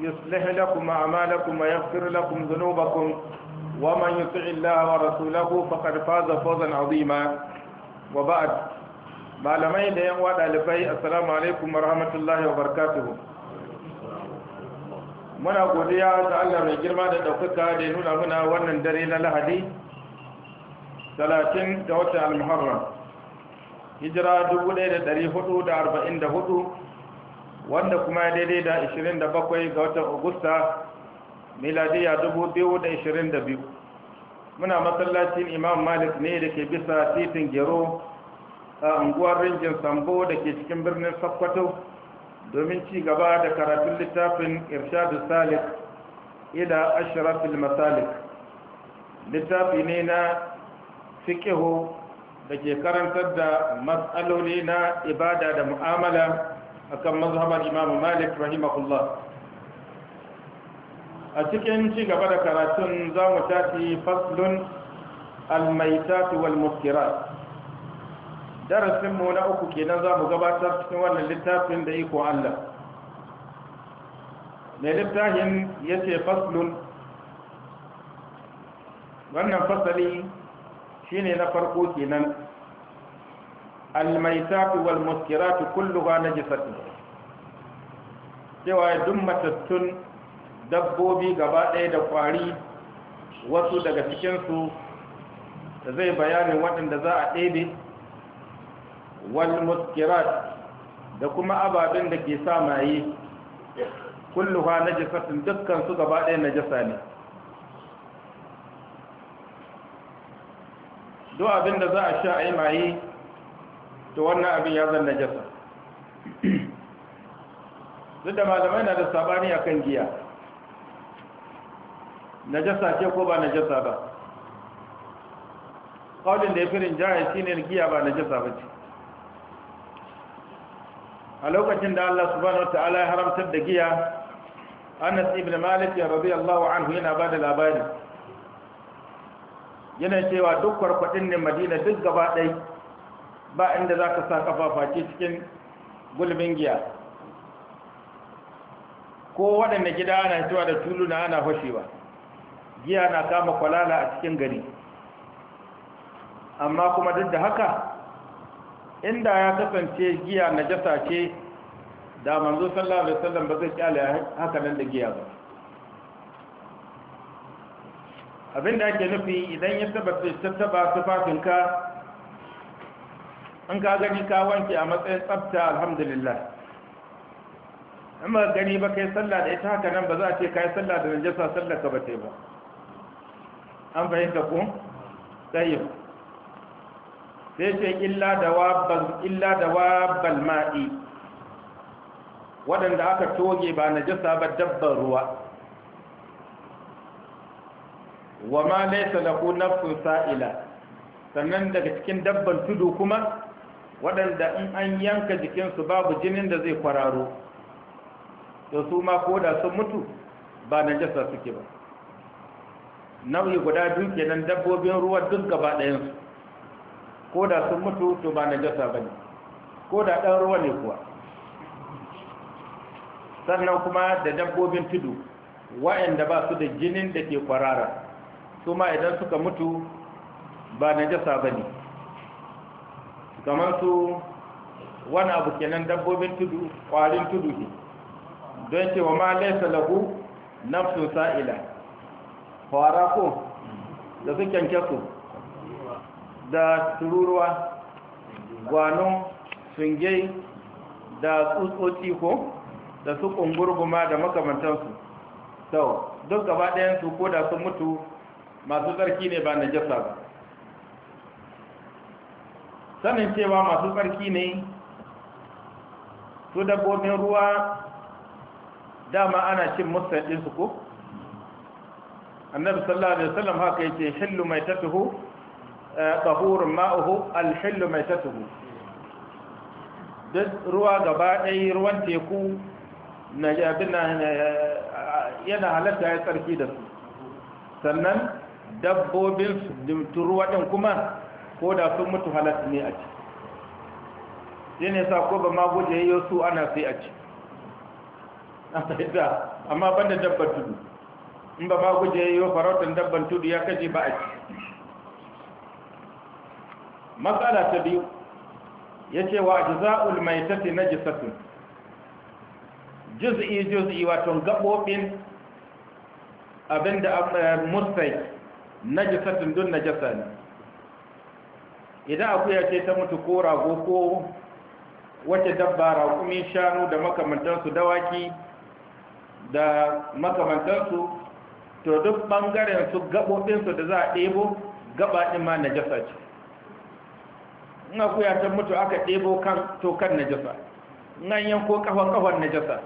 يصلح لكم أعمالكم ويغفر لكم ذنوبكم ومن يطع الله ورسوله فقد فاز فوزا عظيما وبعد malamai da yan wada alifai assalamu alaikum wa wabarakatuh muna godiya ga Allah mai girma da daukaka da ya nuna muna wannan dare na Lahadi 30 ga watan Al-Muharram hijira 1444 wanda kuma ya daidai da 27 ga watan Agusta miladiya 2022 muna masallacin Imam Malik ne da ke bisa titin Gero a unguwar Rinjin Sambo da ke cikin birnin Sokoto domin ci gaba da karatun littafin Irshadu Salik ila ashirafil Masalik littafi ne na fikihu da ke karantar da matsaloli na ibada da mu'amala akan mazhabar imamu malik rahimahullah a cikin ci gaba da karatun za mu tafi faslun almaitatu wal muskirat darasinmu na uku kenan za mu gabatar cikin wannan littafin da iko allah mai littafin ya ce faslun wannan fasali shine na farko kenan الميتات والمسكرات كلها نجسة cewa duk matattun dabbobi gaba ɗaya da ƙwari wasu daga cikinsu da zai bayani waɗanda za a ɗebe wal muskirat da kuma ababen da ke sa maye kulluha najisatin dukkan su gaba ɗaya najasa ne duk abin da za a sha a yi maye to wannan abin ya zan najasa duk da malamai na da sabani akan giya najasa ce ko ba najasa ba kawalin da ya firin jaya shi ne giya ba najasa ba ce a lokacin da Allah subhanahu wa ta'ala ya haramtar da giya anas ibn malik ya rabi allahu anhu yana ba da labari yana cewa duk kwarkwadin ne madina duk gaba ɗaya ba inda za ka sa kafafa ke cikin gulbin giya ko waɗanda gida ana cewa da tulu na ana fashewa giya na kama kwalala a cikin gari amma kuma duk da haka inda ya kasance giya na jasa ce da manzo sallallahu alaihi wasallam ba zai kyale haka nan da giya ba abinda ake nufi idan ya tabbata tabbata tufafinka An ka gani ka wanke a matsayin tsafta alhamdulillah in ba gani ba kai sallah da ita haka nan ba za a ce yi sallah da najasa sallah ka ba ba an fahimta ko tayyib sai ce illa da wabbal illa da wabbal ma'i waɗanda aka toge ba najasa ba dabbar ruwa wa ma laysa lahu nafsun sa'ila sannan daga cikin dabban tudu kuma waɗanda in an yanka jikinsu babu jinin da zai kwararo da su ma ko da sun mutu ba na jasa suke ba nau'i guda biyu kenan dabbobin ruwa duk gaba ɗayansu ko da sun mutu to ba na jasa ba ne ko da ɗan ruwa ne kuwa sannan kuma da dabbobin tudu da ba su da jinin da ke kwarara su ma idan suka mutu ba na jasa ba ne kamar su wani abu kenan dabbobin tudu kwarin tudu ne don cewa ma laisa lahu nafsu sa'ila fara ko da su kyankyasu da tururuwa gwanon sungai da tsutsotsi ko da su kungurguma da makamantansu sau duk gaba su ko da sun mutu masu tsarki ne ba na jasa ba sanin cewa masu tsarki ne su dabbobin ruwa dama ana cin su ko annabi sallallahu alaihi wasallam haka yake hillu mai tatuhu eh, tahurun ma'uhu alhillu mai tatuhu duk ruwa gaba ɗaya ruwan teku na yana halatta ya tsarki da su sannan dabbobin ruwa ɗin kuma ko da sun mutu halatta ne a ci shi ne sa ko ba ma guje yi su ana sai a ci na fahimta amma ban da dabban tudu in ba ma guje yi farautar dabban tudu ya kaje ba a ci matsala ta biyu ya ce wa za'ul mai tafi na jisatun juz'i juz'i wato gaɓoɓin abinda a tsayar eh, musai na jisafin dun na jisafin idan akuya ce ta mutu ko rago ko wacce dabba raƙumi shanu da makamantansu dawaki da makamantansu to duk bangaren su gaɓoɓinsu da za a ɗebo gaba ma na jasa ce in ya ta mutu aka ɗebo kan to kan na jasa nan yanko ƙafan-ƙafan na jasa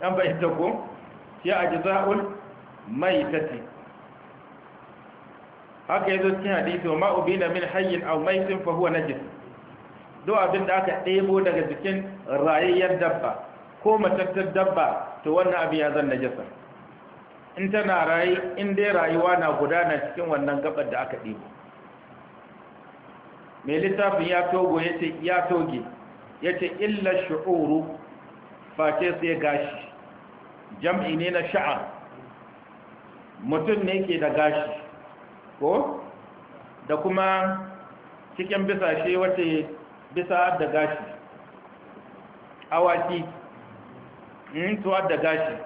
ɗan ba ita ko ya a jaza'ul mai tati haka yazo cikin hadisi ma ubina min hayyin aw sun fa huwa najis do abin da aka ɗebo daga jikin rayayyar dabba ko matattar dabba to wannan abin ya zan najasa in tana rayi in dai rayuwa na gudana cikin wannan gabar da aka ɗebo mai littafin ya togo yace ya toge yace illa shu'uru face sai gashi jam'i ne na sha'a mutum ne ke da gashi ko da kuma cikin bisa shi wace bisa da gashi awaki hmm, tuwa da gashi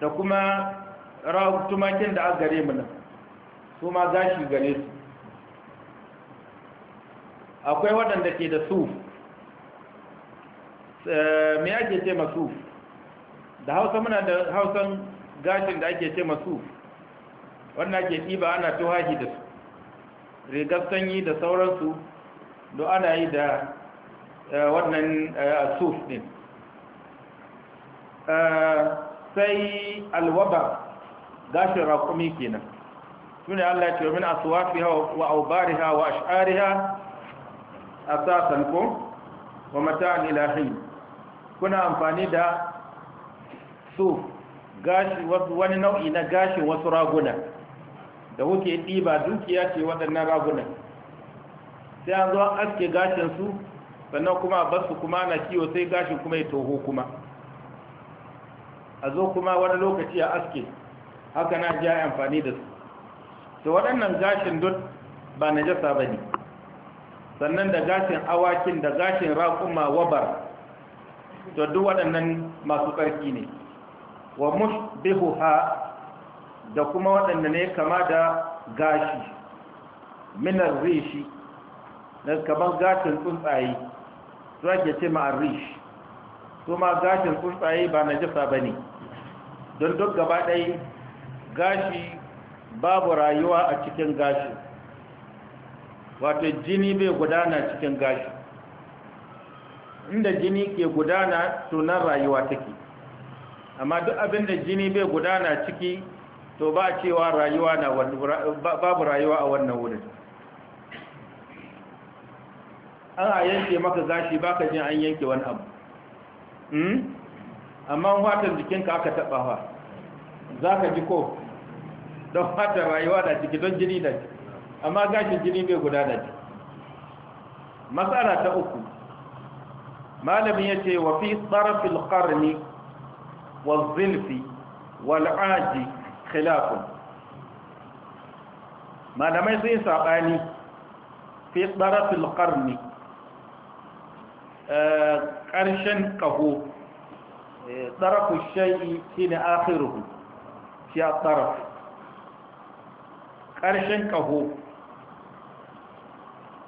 da kuma tumakin da aka gare mana su ma gashi gare su akwai waɗanda ke da su eh, me ake ce masu da hausa muna da hausan gashin da ake ce masu wannan ke ɗiba ana tuhahi da su rigar sanyi da sauransu don ana yi da eh, wannan eh, suf ɗin eh, sai alwaba gashin raƙumi kenan tuni Allah ya ce min aswafiha wa aubari aubariha wa a sassan ko wa mata'an ilahi kuna amfani da suf gashi wani nau'i na gashin wasu raguna da kuke ba dukiya ce waɗannan ragunan sai an zo an aske gashinsu sannan kuma a basu kuma na kiwo sai gashin kuma ya toho kuma a zo kuma wani lokaci a aske haka na ji amfani da su to waɗannan gashin duk ba na jasa ba ne sannan da gashin awakin da gashin raƙuma wabar to duk waɗannan masu ƙarfi ne wa bihu ha da kuma waɗanda ne kama da gashi minar rishi na kamar gashin tsuntsaye su ake ce ma'ar rishi su ma gashin tsuntsaye ba na jisa ba ne don duk gaba ɗai gashi babu rayuwa a cikin gashi wato jini bai gudana cikin gashi inda jini ke gudana tunan rayuwa take amma duk abinda jini bai gudana ciki to ba cewa rayuwa na babu rayuwa a wannan wurin an a yanke maka gashi baka jin an yanke wani abu hmm? amma watan jikinka aka wa. za ka ji ko don watan rayuwa da ciki don jini da ciki amma gashin jini bai guda da ciki matsala ta uku malamin ya ce wa fi tsarafin ƙarni wa zilfi wal'aji khilafun malamai sun yi saɓani fi tsarafin Karshen eh, ƙarshen ƙaho ku eh, shayi shi ne akhiru shi a tsara. ƙarshen ƙaho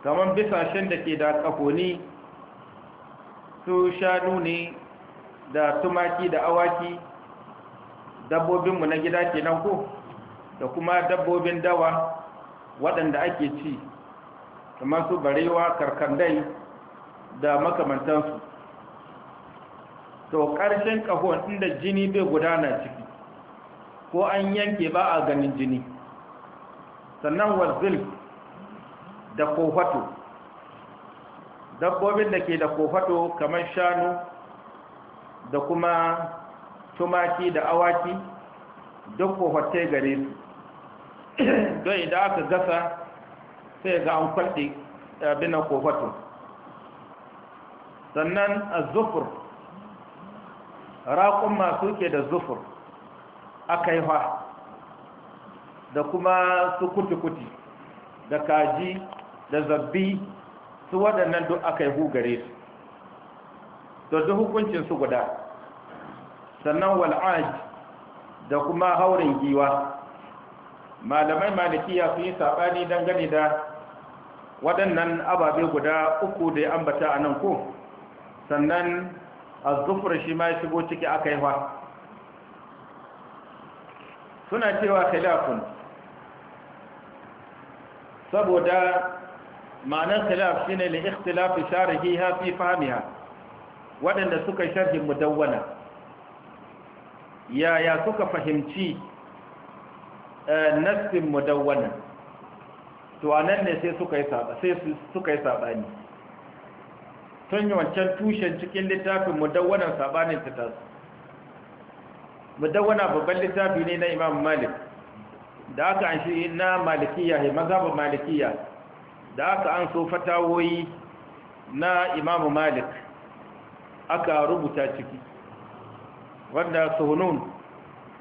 kamar bisashen da ke da ne, su shanu ne da tumaki da awaki dabbobinmu na gida kenan ko da kuma dabbobin dawa waɗanda ake ci kamar su barewa karkandai da makamantansu to ƙarshen ƙahon inda jini bai gudana ciki ko an yanke ba a ganin jini sannan wazil da kofato dabbobin da ke da kofato kamar shanu da kuma tumaki da awaki duk kohotai gare su don idan aka gasa sai ga an kwaɗe ko hoto sannan a zufur raƙun masu ke da zufur aka yi da kuma su kuti-kuti da kaji da zabbi su waɗannan duk aka yi hu gare su da duk hukuncinsu guda sannan wal'aj da kuma haurin giwa malamai malikiya su yi saɓani dangane da waɗannan ababe guda uku da ya ambata a nan ko sannan a zufar shi ma ya shigo ciki aka yi suna cewa khilafun saboda ma'anar khilaf shine li ikhtilafi sharihi ha fi fahmiha waɗanda suka sharhi mudawwana yaya suka fahimci eh, nassin mudawwana to anan ne sai suka yi saba sai suka yi sabani tun yi wancan tushen cikin littafin mudawwanan sabanin ta tasu mudawwana babban littafi ne na imam malik da aka an shi na malikiya he mazhab malikiya da aka an so fatawoyi na imam malik aka rubuta ciki wanda suhunun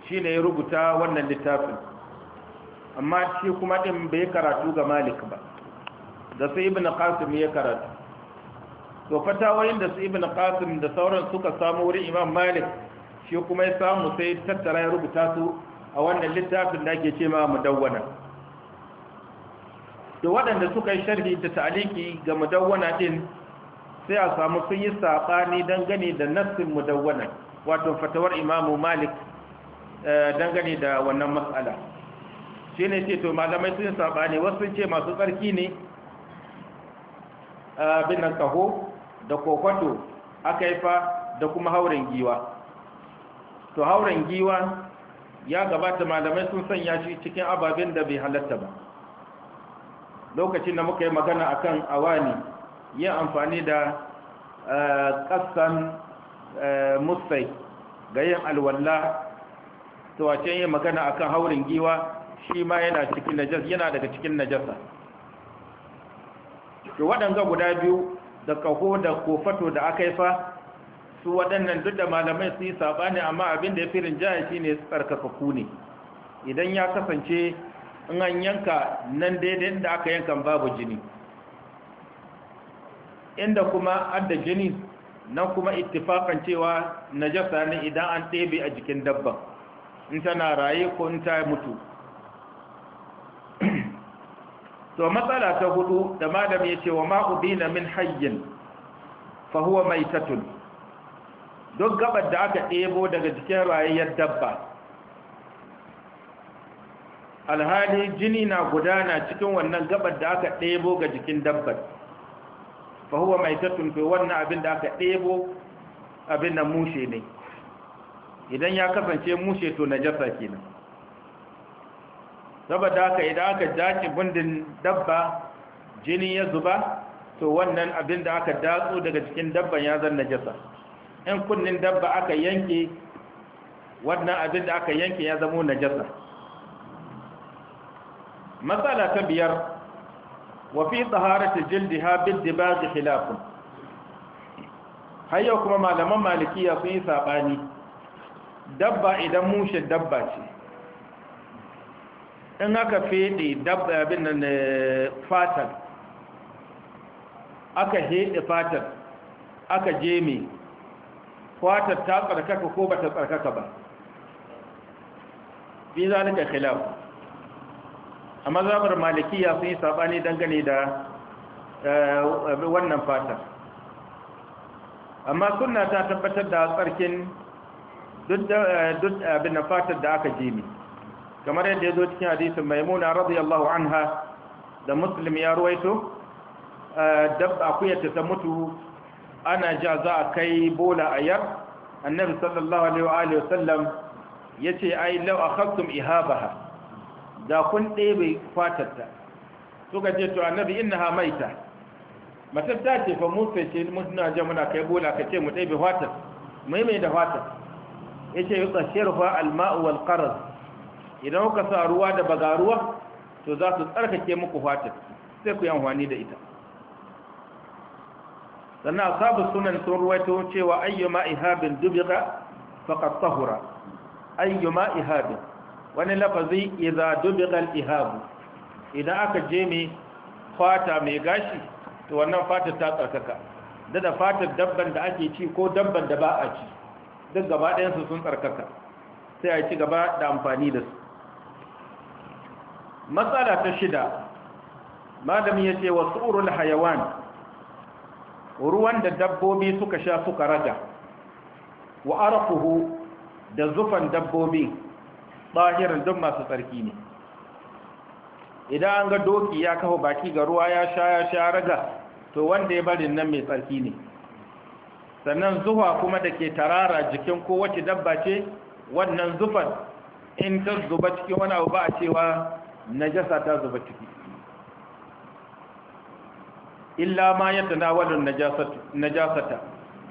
shi ne ya rubuta wannan littafin amma shi kuma ɗin bai karatu ga malik ba da su ibn ƙasim ya karatu to fatawoyin da su ibn ƙasim da sauran suka samu wurin imam malik shi kuma ya samu sai tattara ya rubuta su a wannan littafin da ake ce ma mudawwana da waɗanda suka yi sharhi da ta'aliki ga mudawwana ɗin, sai a samu sun yi saɓani dangane da nassin mudawwana wato fatawar imamu malik eh, dangane da wannan matsala shi ne ce to malamai sun saɓani wasu ce masu tsarki ne eh, binan kaho da kokwato, aka yi da kuma hauren giwa to hauren giwa ya gabata malamai sun sanya shi cikin ababen da bai halatta ba lokacin da muka yi magana akan awani yin amfani da eh, ƙasan Eh, mustai ga yin alwalla to a can yi magana akan haurin giwa shi ma yana cikin najasa yana daga cikin najasa to waɗanga guda biyu da kaho da kofato da aka yi fa su waɗannan duk da malamai su yi saɓani amma abin da ya fi rinjaya shi ne ku ne idan ya kasance in an yanka nan daidai da aka yanka babu jini inda kuma adda jini nan kuma ittifakan cewa najasa ne idan an ɗebe a jikin dabba, in tana raye ko in ta mutu to matsala ta hudu da malam ya ce wa ma'udina min hayyin fa huwa maitatun duk gabar da aka ɗebo daga jikin rayayyar dabba alhali jini na gudana cikin wannan gabar da aka ɗebo ga jikin dabbar fa huwa tattun fi wannan abin da aka ɗebo abin da mushe ne idan ya kasance mushe to na ke kenan saboda haka idan aka dace bundin dabba jini ya zuba to wannan abin da aka datsu daga cikin dabban ya zan na jasa in kunnin dabba aka yanke wannan abin da aka yanke ya zamo na jasa matsala ta biyar wafi tsaharata jildiha bil dibagi khilafun har yau kuma malaman malikiya sun yi saɓani dabba idan mushe dabba ce in aka fede dabba abin nan fatar aka heɗe fatar aka jeme fatar ta tsarkaka ko ba ta tsarkaka ba bi zalika khilafun a mazhabar malikiya sun yi saɓani dangane da eh, wannan fata amma sunna ta tabbatar da tsarkin duk eh, abin da fatar da aka ne kamar yadda ya zo cikin hadisin maimuna radiyallahu anha da muslim ya ruwaito eh, dabba akuyarta ta mutu ana ja za a kai bola a yar annabi sallallahu alaihi wa sallam ya ce ai lau a ihaba ihabaha da kun ɗebe fatarta suka ce to annabi innaha maita matar ta ce fa mun sai ce muna jan muna kai bola ka ce mu ɗebe fatar mai mai da fatar yace yutashiruha alma'u wal qarz idan kuka sa ruwa da baga ruwa to za su tsarkake muku fatar sai ku yi amfani da ita sannan asabu sunan sun ruwaito cewa ayyuma ihabin dubiqa faqad tahura ayyuma ihabin wani lafazi ya dubigal ihabu idan aka je mai fata mai gashi to wannan fatar ta tsarkaka dada fatar dabban da ake ci ko dabban da ba a ci duk gaba ɗayansu sun tsarkaka sai a ci gaba da amfani da su matsala ta shida malami ya ce wa tsurul hayawan ruwan da dabbobi suka sha suka raga wa arafuhu da zufan dabbobi ɗahirin duk masu tsarki ne idan an ga doki ya kafa baki ga ruwa ya sha ya sha raga to wanda ya barin nan mai tsarki ne sannan zuwa kuma da ke tarara jikin kowace dabba ce wannan zufan in ta zuba cikin wani abu ba a cewa jasa ta zuba ciki illa ma na jasa ta,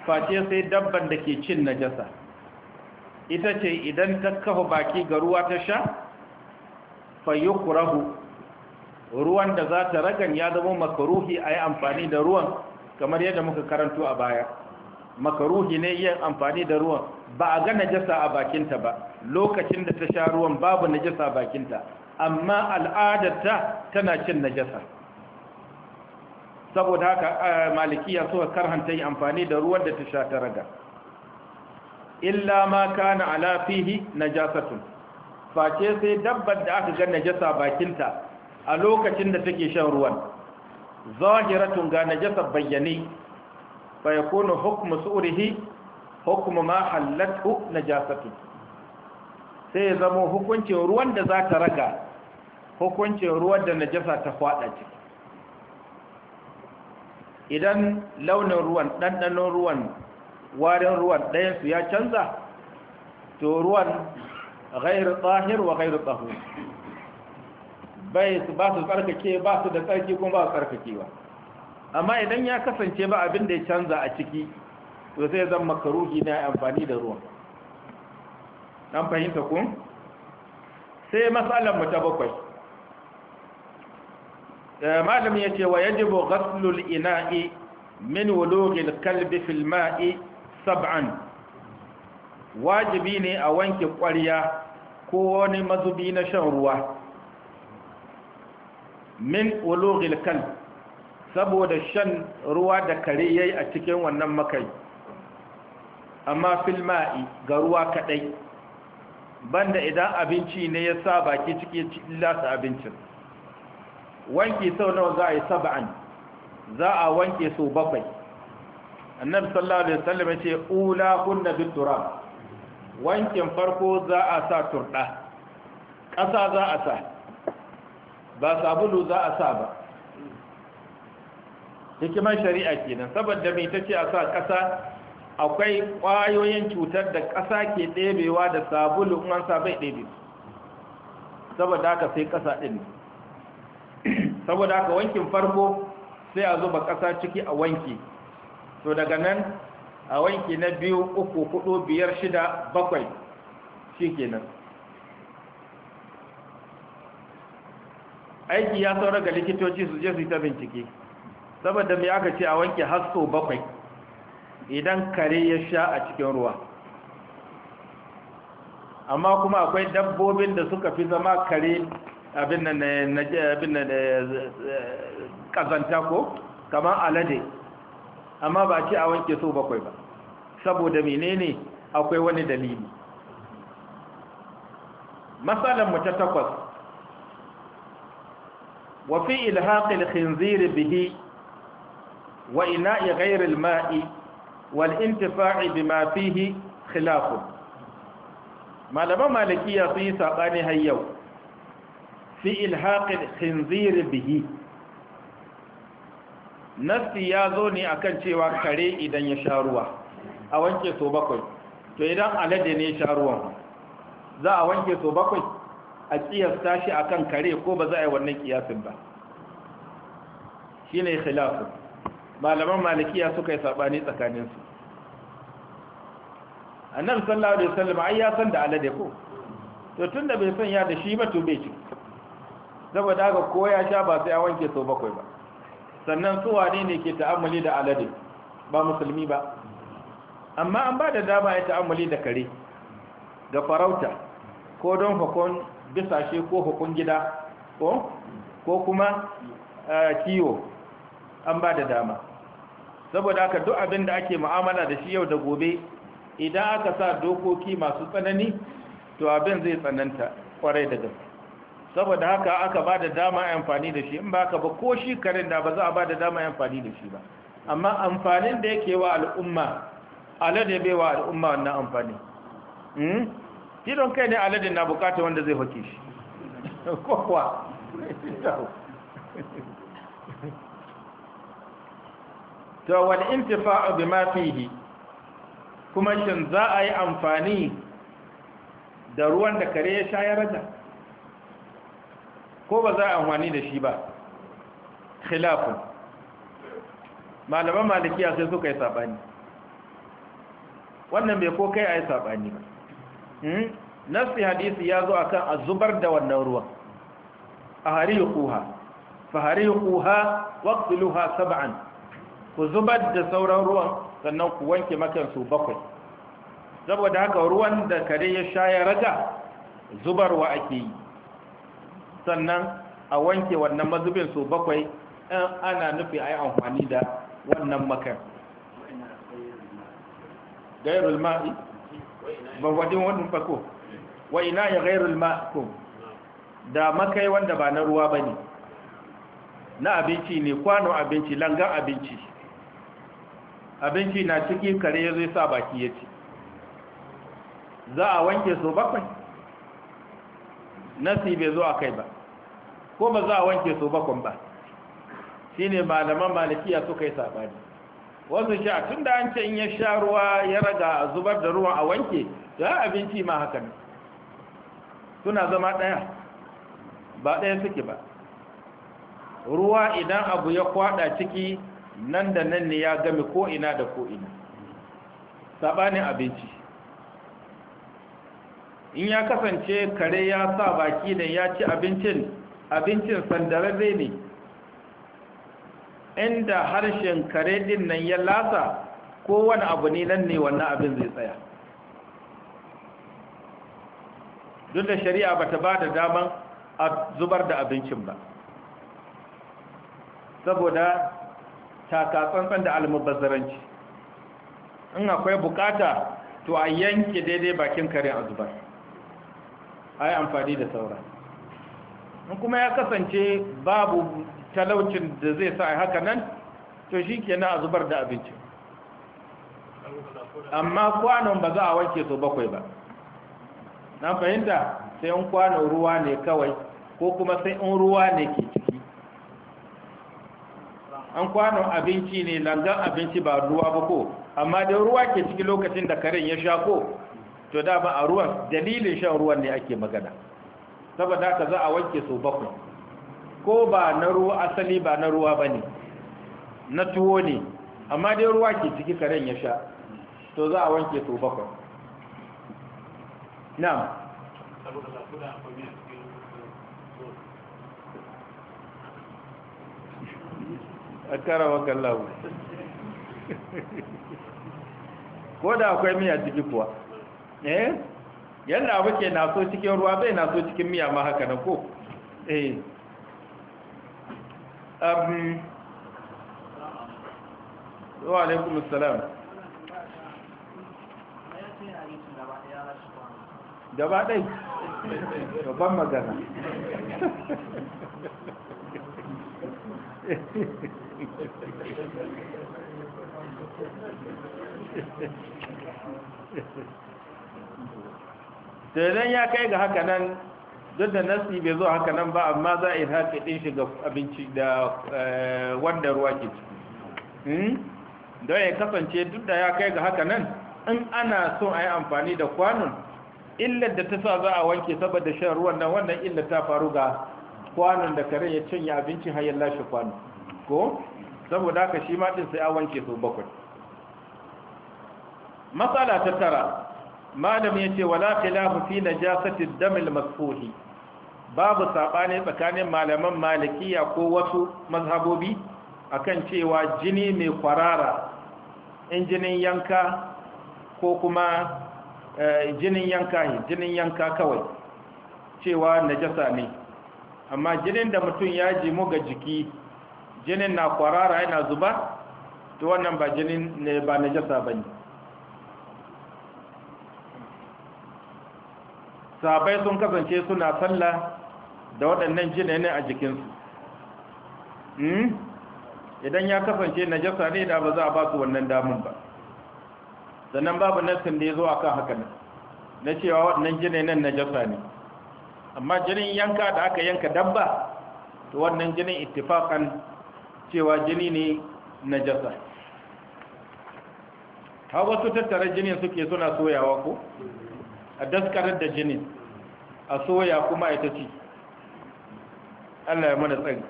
face sai dabban da ke cin na jasa. ita ce idan ta kafa baki ga ruwa ta sha fayyukurahu ruwan da za ta ragan ya zama makaruhi a yi amfani da ruwan kamar yadda muka karanto a baya makaruhi ne yin amfani da ruwan ba a ga najasa a bakinta ba lokacin da ta sha ruwan babu najasa a bakinta amma al'adarta tana cin najasa saboda haka eh, malikiya suka karhanta yi amfani da ruwan da ta sha ta raga illa ma kana ala fihi najasatun face sai dabbar da aka ga najasa bakinta a lokacin da take shan ruwan zahiratun ga najasa bayyane fa yakunu hukmu su'rihi hukmu ma halatu najasatun sai ya zama hukuncin ruwan da za ta raga hukuncin ruwan da najasa ta kwada ciki idan launin ruwan ɗanɗanon ruwan warin ruwan su ya canza to ruwan ghairu tsahir wa ghairu tsaho bai su ba su tsarkake ba su da tsarki kuma ba su ba amma idan ya kasance ba abin da ya canza a ciki to sai zan makaruhi na amfani da ruwan an fahimta kun sai matsalar mu ta bakwai eh, malam ya ce wa yajibu ghaslul ina'i min wulughil kalbi fil ma'i sab'an wajibi ne a wanke ƙwarya ko wani mazubi na shan ruwa min wulughil kal saboda shan ruwa da kare yayi a cikin wannan makai amma fil ma'i ga ruwa kadai banda idan abinci ne ya sa baki ciki lasa abincin wanki sau nawa za a yi sab'an za a wanke sau bakwai annabi sallallahu alaihi wasallam ya ce ula kunna bi turab wankin farko za a sa turda ƙasa za a sa ba sabulu za a sa ba hikimar shari'a kenan saboda mai tace a sa ƙasa akwai ƙwayoyin cutar da ƙasa ke ɗebewa da sabulu in an sa bai ɗebe saboda haka sai ƙasa ɗin saboda haka wankin farko sai a zuba ƙasa ciki a wanki to daga nan a wanki na biyu uku hudu biyar shida bakwai shi kenan aiki ya saura ga likitoci su je su yi ta bincike saboda mai aka ce a wanke so bakwai idan kare ya sha a cikin ruwa amma kuma akwai dabbobin da suka fi zama kare abin da eh, eh, eh, kazanta ko kamar alade amma ba ce a wanke so bakwai ba saboda menene akwai wani dalili matsalar mu ta takwas wa fi ilhaqil khinzir bihi wa ina ghayr al-ma'i wal intifa'i bima fihi khilaf malaman malikiya sun yi sabani har yau fi ilhaqil khinzir bihi nassi ya zo ne akan cewa kare idan ya sha ruwa a wanke so bakwai to idan alade ne sha ruwan za a wanke so bakwai a kiyasta shi akan kare ko ba za a yi wannan kiyasin ba shine khilafu malaman malikiya suka yi sabani tsakanin su annabi sallallahu alaihi wasallam ai ya san da alade ko to tunda bai san ya da shi ba to bai ci saboda daga ko ya sha ba sai a wanke so bakwai ba sannan su wane ne ke ta'ammali da alade ba musulmi ba amma an ba da dama ya ta'ammali da kare ga farauta ko don hukun bisashe ko hukun gida ko kuma eh, kiwo an ba da dama saboda haka duk abin da ake mu'amala da shi yau da gobe idan aka sa dokoki masu tsanani to abin zai tsananta kwarai da gaske saboda haka aka ba da dama amfani da shi in ba ka ba ko shi karin da ba za a ba da dama amfani da shi ba amma amfanin da yake wa al'umma alade bai wa al'umma wannan amfani hmm? don kai ne alade na bukata wanda zai hake shi ko to wani intifa bi ma fihi kuma shin za a yi amfani da ruwan da kare ya sha ya raja ko ba za a amfani da shi ba khilafun malaman malikiya sai suka yi sabani wannan bai ko kai a yi sabani ba hmm? nasi hadisi ya zo akan a zubar da wannan ruwan a hariyu kuha fa hariyu kuha waqtiluha sab'an ku zubar da sauran ruwan sannan ku wanke makansu bakwai saboda haka ruwan da kare ya sha ya raga zubarwa ake yi sannan a wanke wannan mazubin su bakwai in ana nufi a yi amfani da wannan makar gairul ma'i ba wajen wannan fako wa ina ya gairul ma'akum da makai wanda ba na ruwa ba ne na abinci ne kwano abinci langan abinci abinci na ciki kare ya zai sa baki ya ci za a wanke so bakwai nasi bai zo a kai ba ko ba za a wanke su bakon ba ne malaman malikiya suka yi sabani wasu sha tun da an ce in ya sha ruwa ya raga a zubar da ruwa a wanke ya abinci ma haka ne suna zama ɗaya ba ɗaya suke ba ruwa idan abu ya kwaɗa ciki nan da nan ne ya game ina da ko ina. saɓanin abinci in ya kasance kare ya sa baki da ya ci abincin abincin sandararre ne inda harshen kare din nan ya lasa ko abu ne nan ne wannan abin zai tsaya duk da shari'a bata ba da daman a zubar da abincin ba saboda takatsantsan da almubazzaranci in akwai bukata to a yanke daidai bakin kare a zubar a yi amfani da saura in kuma ya kasance babu talaucin da zai sa haka nan to shi ke na zubar da abinci amma kwanon ba za a wanke so bakwai ba na fahimta sai in kwanon ruwa ne kawai ko kuma sai in ruwa ne ke ciki an kwanon abinci ne langan abinci ba ruwa ba ko amma da ruwa ke ciki lokacin da karen ya sha ko to dama a ruwan dalilin shan ruwan ne ake magana saboda ka za a wanke su bakwai ko ba na ruwa asali ba na ruwa ba ne na tuwo ne amma dai ruwa ke ciki karen ya sha to za a wanke su bakwai na a karawa kallawo ko da akwai miya ciki kuwa eh yadda abu ke naso cikin ruwa bai naso cikin miya ma haka na ko eh um wa kuma salam gaba ɗai gaban magana Thank you. to ya kai ga haka nan duk da nasi bai zo haka nan ba amma za a haka ɗin shi abinci da eh, wanda ruwa ke ciki hmm? don ya kasance duk da ya kai ga haka nan in ana so a yi amfani da kwanon illar da ta sa za a wanke saboda shan ruwan nan wannan illar ta faru ga kwanon da kare ya cinye abinci har ya lashe kwanon ko saboda haka shi ma ɗin sai a wanke sau bakwai matsala ta tara malam ya ce wala khilafu fi najasati damil masfuhi babu sabani tsakanin malaman malikiya ko wasu mazhabobi akan cewa jini mai kwarara in jinin yanka ko kuma eh, jinin yanka ne jinin yanka kawai cewa najasa ne amma jinin da mutum ya ji muga jiki jinin na kwarara yana zuba to wannan ba jinin ne ba najasa bane sabai sun kasance suna sallah da waɗannan ne a jikinsu hmm? idan ya kasance na jasa ne da ba za a ba su wannan damun ba sannan babu nassin da ya zo kan haka ne, na cewa waɗannan na jasa ne amma jinin yanka da aka yanka dabba to wannan jinin ittifakan cewa jini ne na jasa. har wasu tattara jinin suke suna soyawa ko a daskarar da jinin a soya kuma a tafi Allah ya mana tsari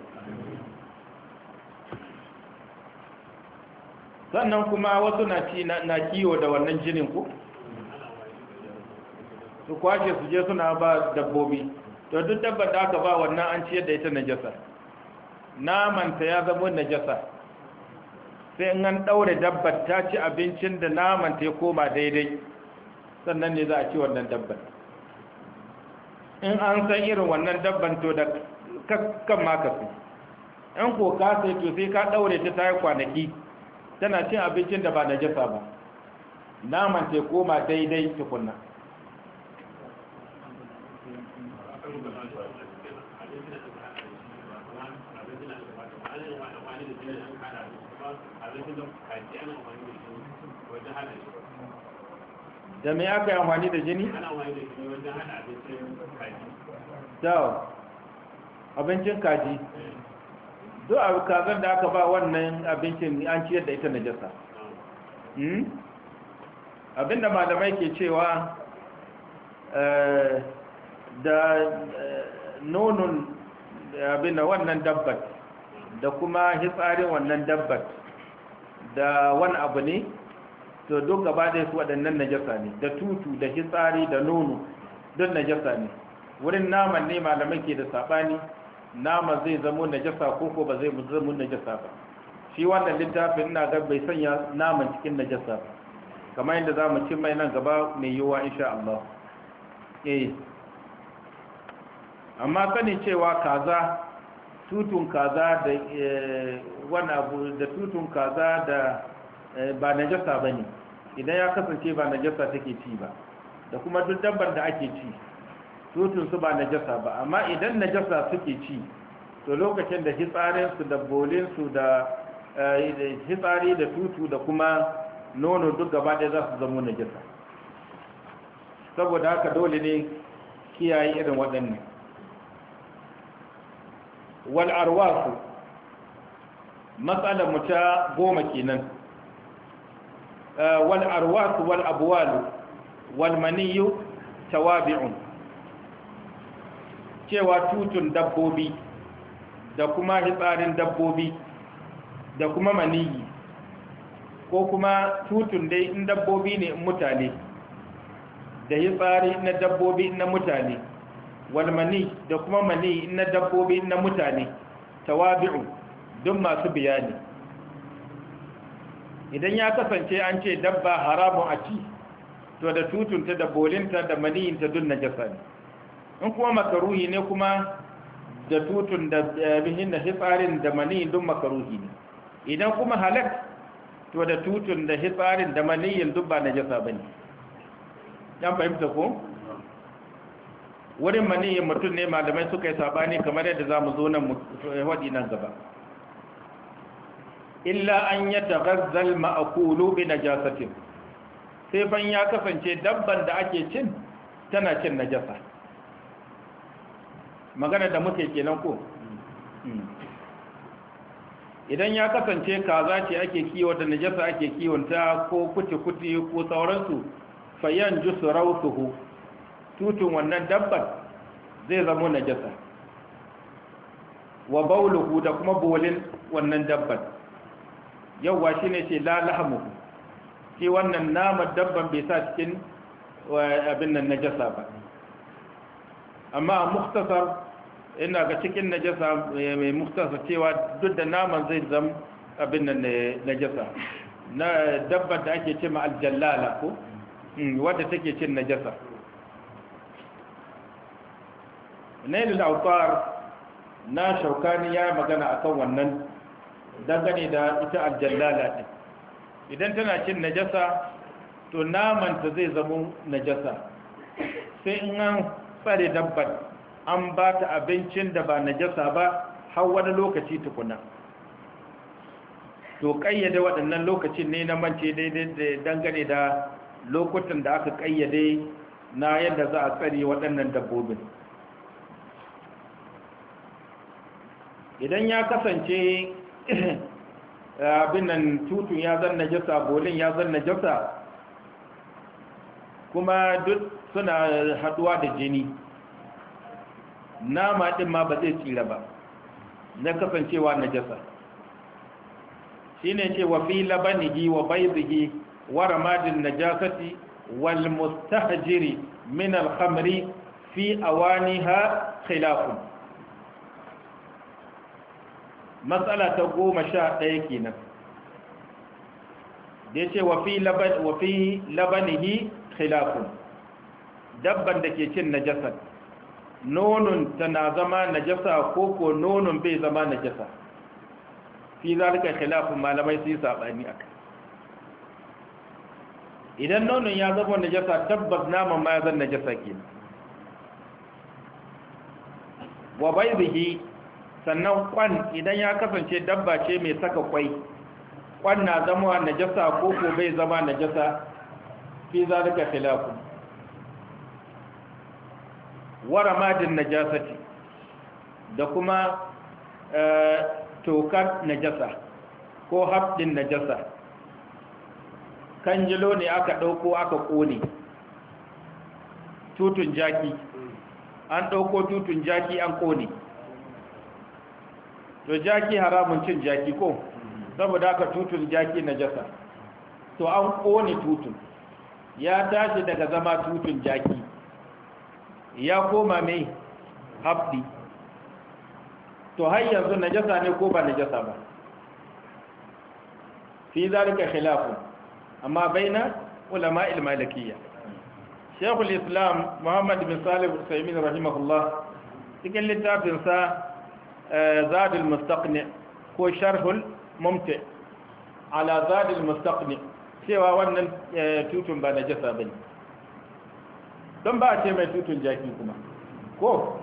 sannan kuma wasu na kiwo da wannan jinin ku su kwashe su je suna ba dabbobi to duk dabbar da aka ba wannan an ciyar da ita najasa namanta ya zama najasa sai in an ɗaure dabbar ta ci abincin da namanta ya koma daidai sannan ne za a ci wannan dabban in an san irin wannan dabban to da kan makasu in ko ka sai to sai ka daure ta ta kwanaki tana cin abincin da ba na jasa ba naman ta koma daidai tukunna abincin da da me aka yi amfani da jini? abincin kaji duk abu kazan da aka ba wannan abincin an ciyar da ita najasa hmm? abinda malamai ke cewa eh, da eh, nonon abinda wannan dabbat da kuma hitsarin wannan dabbat da wani abu ne to duk gaba da su waɗannan najasa ne da tutu da hitsari da nono duk najasa ne wurin naman ne malamai ke da saɓani nama zai zamo najasa ko ko ba zai zamo najasa ba shi wannan littafin ina ga bai sanya naman cikin najasa ba kamar yadda za mu ci mai nan gaba mai yiwuwa insha Allah eh amma kanin cewa kaza tutun kaza da eh, wani abu da tutun kaza da Eh, ba najasa ba ne idan ya kasance ba najasa take ci ba da kuma duk dabbar da ake ci su ba najasa ba amma idan najasa suke ci to lokacin da hitsarinsu da bolinsu eh, da hitsari da tutu da kuma nono duk gaba ɗaya za su zamo najasa saboda haka dole ne kiyaye irin waɗannan wal arwasu matsalar mu ta goma kenan wal arwaq wal abwal wal maniyu tawabi'un cewa tutun dabbobi da kuma hibarin dabbobi da kuma maniyi ko kuma tutun dai in dabbobi ne in mutane da hibari na dabbobi na mutane wal mani da kuma mani na dabbobi na mutane tawabi'u duk masu bayani idan ya kasance an ce dabba haramun a ci to da tutunta da bolinta da maniyinta duk na jasa ne in kuma makaruhi ne kuma da tutun da eh, bihin da hitsarin da maniyin duk makaruhi ne idan kuma halak to da tutun da hitsarin da maniyin duk ba na jasa ba ne yan fahimta ko wurin maniyin mutum ne malamai suka yi sabani kamar yadda za mu zo nan eh, waɗi nan gaba illa an ya taghazzal ma'akulu bi najasatin sai ban ya kasance dabban da ake cin tana cin najasa magana da muke kenan ko hmm. idan ya kasance kaza ce ake kiwo da najasa ake kiwonta ko kuti-kuti ko sauransu fayan ji su rausuhu tutun wannan dabban zai zamo najasa wa bauluhu da kuma bolin wannan dabban. yawwa shi ne ce la lahamuhu shi wannan naman dabban bai sa cikin eh, abin nan najasa ba amma a muktasar ina ga cikin najasa eh, mai muktasar cewa duk da naman zai zam abin nan najasa na dabban da ake ce ma aljallala ko hmm, wadda take cin najasa nailul autar na shaukani ya magana akan wannan dangane da ita aljallala din idan tana cin najasa to naman ta zai zama najasa sai in an tsare dabbar an ba ta abincin da ba najasa ba har wani lokaci tukuna to kayyade waɗannan lokacin ne na mance daidai da dangane da lokutan da aka kayyade na yadda za a tsare waɗannan dabbobin idan ya kasance Eh, abin nan tutun ya zanna jasa bolin ya zanna jasa kuma duk suna haduwa da jini nama din ma ba zai tsira ba na kasancewa na jasa shine ce wa fi labanihi wa baizihi wa ramadin najasati wal mustahjiri min al khamri fi awaniha khilafun matsala ta goma sha ɗaya kenan da ya ce wafi labanihi khilafun dabban da ke cin najasar nonon ta na zama najasa ko ko nonon bai zama najasa fi zalika khilafun malamai su yi saɓani a idan nonon ya zama najasa tabbas naman ma ya zan najasa kenan wa bai sannan kwan idan ya kasance dabba ce mai saka kwai kwan na zama najasa ko ko bai zama najasa fi wara madin waramadin ce, da kuma eh, tokar najasa ko haɗin najasa jilo ne aka ɗauko aka ƙone tutun jaki an ɗauko tutun jaki an ƙone to jaki haramun cin jaki ko saboda haka tutun jaki na jasa to an kone tutun ya tashi daga zama tutun jaki ya koma mai hafdi to har yanzu na jasa ne ko ba na jasa ba fi zalika khilafu amma baina ulama al-malikiyya shaykhul islam muhammad bin salih al rahimahullah cikin littafin sa zadul mustaqni ko sharhul mumti ala zadul mustaqni cewa wannan eh, tutun ba najasa bane don ba a ce mai tutun jaki kuma ko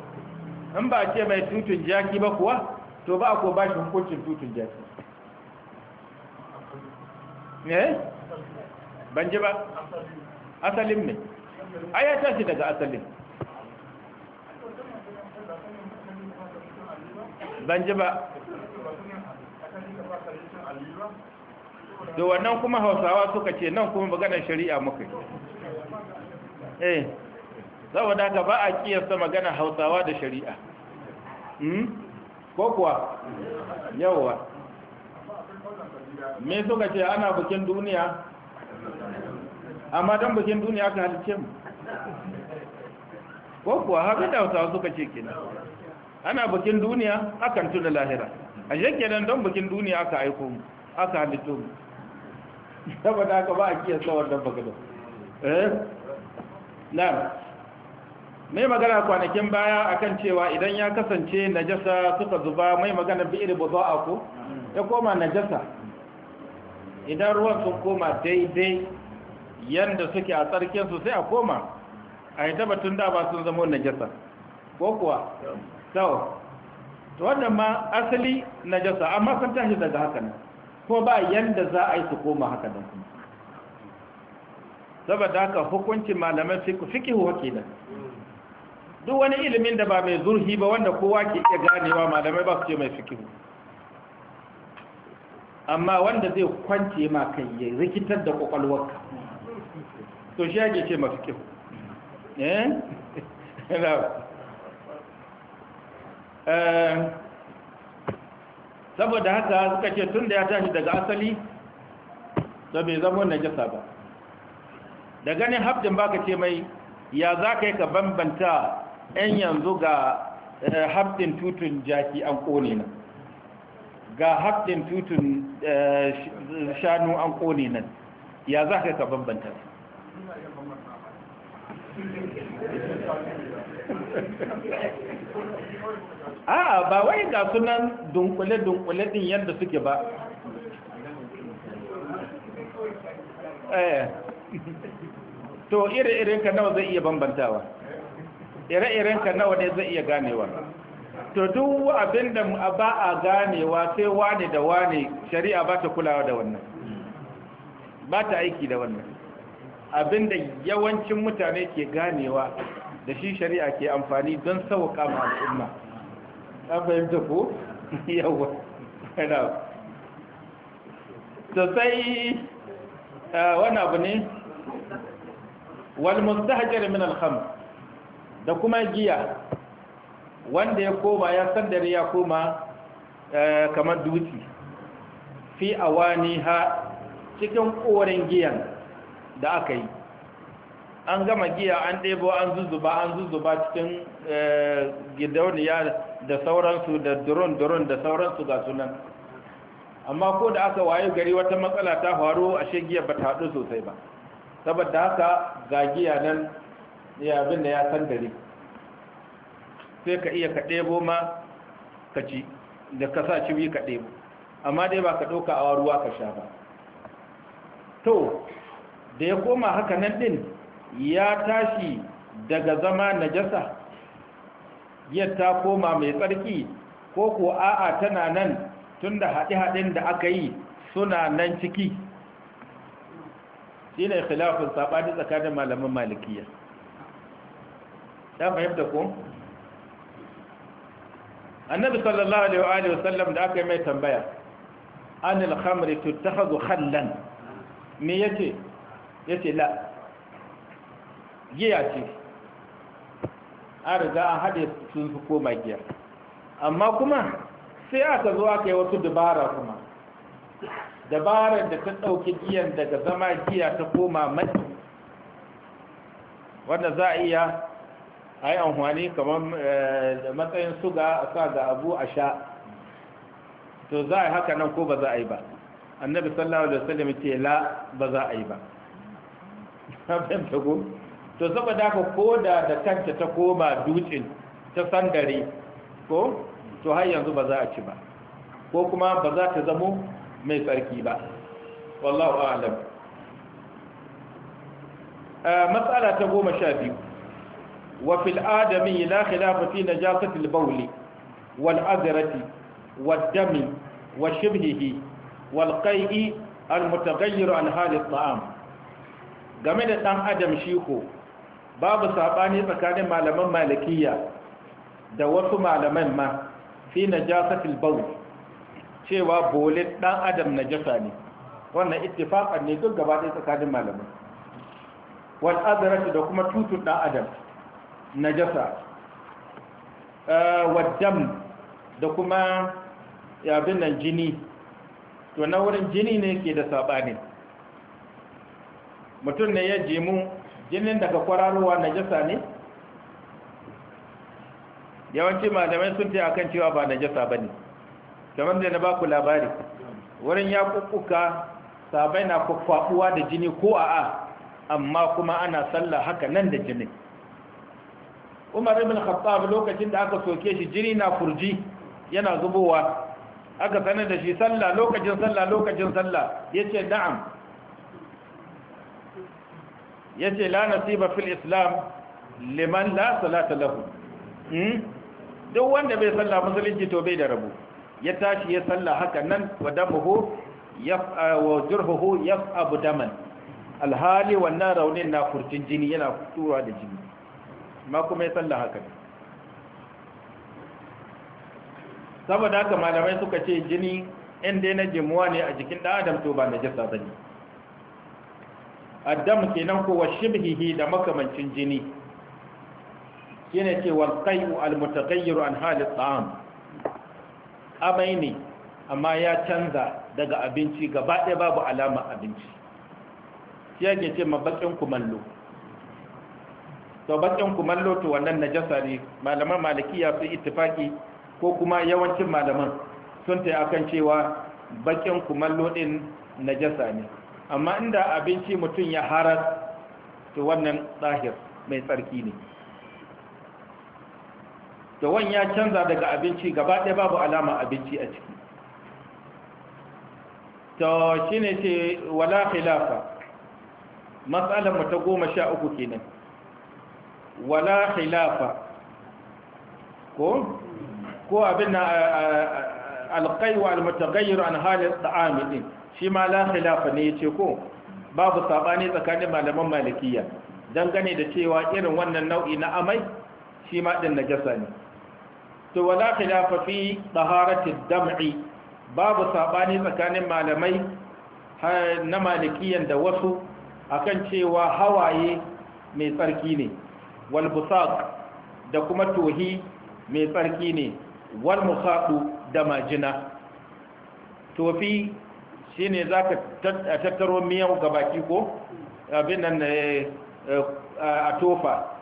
in ba a ce mai tutun jaki ba kuwa to ba ko ba shi tutun jaki ne eh? ban ji ba asalin ne ai ya tashi daga asalin ban ji ba da wannan kuma hausawa suka ce nan kuma maganar shari'a muka yi eh saboda ka ba a kiyasta maganar hausawa da shari'a hmm? ko kuwa yawwa me suka ce ana bikin duniya amma don bikin duniya aka halice mu ko kuwa haka da hausawa suka ce kenan ana bikin duniya akan tuna lahira a nan don bikin duniya aka aiko mu aka halitto mu saboda aka ba a kiyasta baka da eh na mai magana kwanakin baya akan cewa idan ya kasance najasa suka zuba mai magana bi iri bazo a ku ya koma najasa idan ruwan sun koma daidai yanda suke a tsarkinsu sai a koma a yi tabbatun da ba sun zama najasa ko kuwa to wannan ma asali jasa amma sun tashi daga haka ko ba yanda za a yi su koma haka kuma saboda haka hukunci malaman fikihu da duk wani ilimin da ba mai zurhi ba wanda kowa ke iya ganewa malamai ba su ce mai fiki amma wanda zai kwance ma kai ya rikitar da kwakwalwarka to shi yake ce mafi kyau. eh Eh, saboda haka suka ce tun da ya tashi daga asali to bai zama najasa ba da ganin habdin baka ce mai ya za ka yi ka bambanta 'yan yanzu ga eh, habdin tutun jaki an kone nan ga habdin tutun eh, shanu an kone nan ya za ka yi ka bambanta a'a ba wai ga sunan dunkule-dunkule din yadda suke ba eh. to ire-iren ka nawa zai iya bambantawa ire-iren ka nawa ne zai iya ganewa to duk abinda ba a ganewa sai wane da wane shari'a ba ta kulawa da wannan ba ta aiki da wannan abinda yawancin mutane ke ganewa da shi shari'a ke amfani don sauƙa ma al'umma ta fahimta ko yawa yana sosai ah, wani abu ne hajjar min alham da kuma giya wanda ya koma ya sandar ya koma eh, kamar duti fi awani ha cikin ƙorin giyan da aka yi an gama giya an ɗebo an zuzzuba an zuzzuba cikin eh, gidauniya da sauransu da duron-duron da sauransu ga sunan amma ko da aka wayo gari wata matsala ta faru ashe giya ba ta haɗu sosai ba saboda haka ga giya nan yabin da ya san dare sai ka iya ka ɗebo ma ka ci da ka sa cibi ka ɗebo amma dai ba ka ɗauka a ruwa ka sha ba to da ya koma haka nan ɗin ya tashi daga zama najasa yadda koma mai tsarki ko ko a'a tana nan tun da haɗe-haɗen da aka yi suna nan ciki shi ne khilafin saɓani tsakanin malaman malikiya ta fahimta ko? annabi sallallahu alaihi wa sallam da aka yi mai tambaya anil khamri tuttakhadhu khallan me yace yace la giya ce an riga an haɗe sun fi koma giya amma kuma sai aka zo aka yi wasu dabara kuma dabarar da ta ɗauki giyan daga zama giya ta koma mai wanda za a iya a yi amfani kamar eh, matsayin suga a sa ga abu a sha to za a yi haka nan ko ba za a yi ba annabi sallallahu alaihi wasallam ce la ba za a yi ba to saboda haka ko da da kanta ta koma dutsen ta sandare ko to har yanzu ba za a ci ba ko kuma ba za ta zamo mai tsarki ba wallahu a'lam eh, matsala ta goma sha biyu wa fil adami la khilafa fi najasati al-bawli wal azrati wad dami wa shibhihi wal qai'i al-mutaghayyir an hali at-ta'am game da dan adam shi ko babu sabani tsakanin malaman malikiya da wasu malaman ma fi najasatil bawl cewa bole dan adam najasa ne wannan ittifaqan ne duk gaba ɗaya tsakanin malaman wal azrat da kuma tutun dan adam najasa eh, wad dam da kuma yabin nan jini to na wurin jini ne ke da sabani mutum ne ya jimu jinin daga kwararowa najasa ne yawanci malamai sun ce akan cewa ba najasa ba ne kamar da na ba ku labari wurin ya kukkuka sabai na kwakwabuwa da jini ko a'a amma kuma ana sallah haka nan da jini. umar ibn khattab lokacin da aka soke shi jini na furji yana zubowa aka sanar da shi sallah lokacin sallah lokacin sallah yace na'am Ya ce la nasiba fil islam liman la salata lahu hmm? duk wanda bai salla musulunci to bai da rabu ya tashi ya salla haka nan wa damuhu wa jurhuhu yaf'abu daman alhali wannan raunin na furcin jini yana turuwa da jini ma kuma ya salla haka saboda haka malamai suka ce jini in dai na jimuwa ne a jikin ɗan adam to ba na jasa ne. addam kenan ko washibhihi da makamancin jini shine ce wal qai'u al mutaghayyiru an hal at'am amai ne amma ya canza daga abinci gaba ɗaya babu alama abinci shi yake ce mabakin kumallo to bakin kumallo to wannan najasa ne malaman malikiya su ittifaki ko kuma yawancin malaman sun ta akan cewa bakin kumallo din najasa ne amma inda abinci mutum ya harar to wannan tsahir mai tsarki ne da wani ya canza daga abinci gaba ɗaya babu alama abinci a ciki ta shi ne ce wala khilafa matsalar mu ta goma sha uku kenan wala khilafa ko ko abin na alƙaiwa almutagayyar an halin ɗa'ami ɗin shi ma la khilafa ne yace ko babu sabani tsakanin malaman malikiya dangane da cewa irin wannan nau'i na amai shi ma din najasa ne to wala khilafa fi taharati dam'i babu sabani tsakanin malamai na malikiyan da wasu akan cewa hawaye mai tsarki ne wal busaq da kuma tohi mai tsarki ne wal da majina tofi ne za ka tattaro miyau ga baki ko abin nan eh, eh, a tofa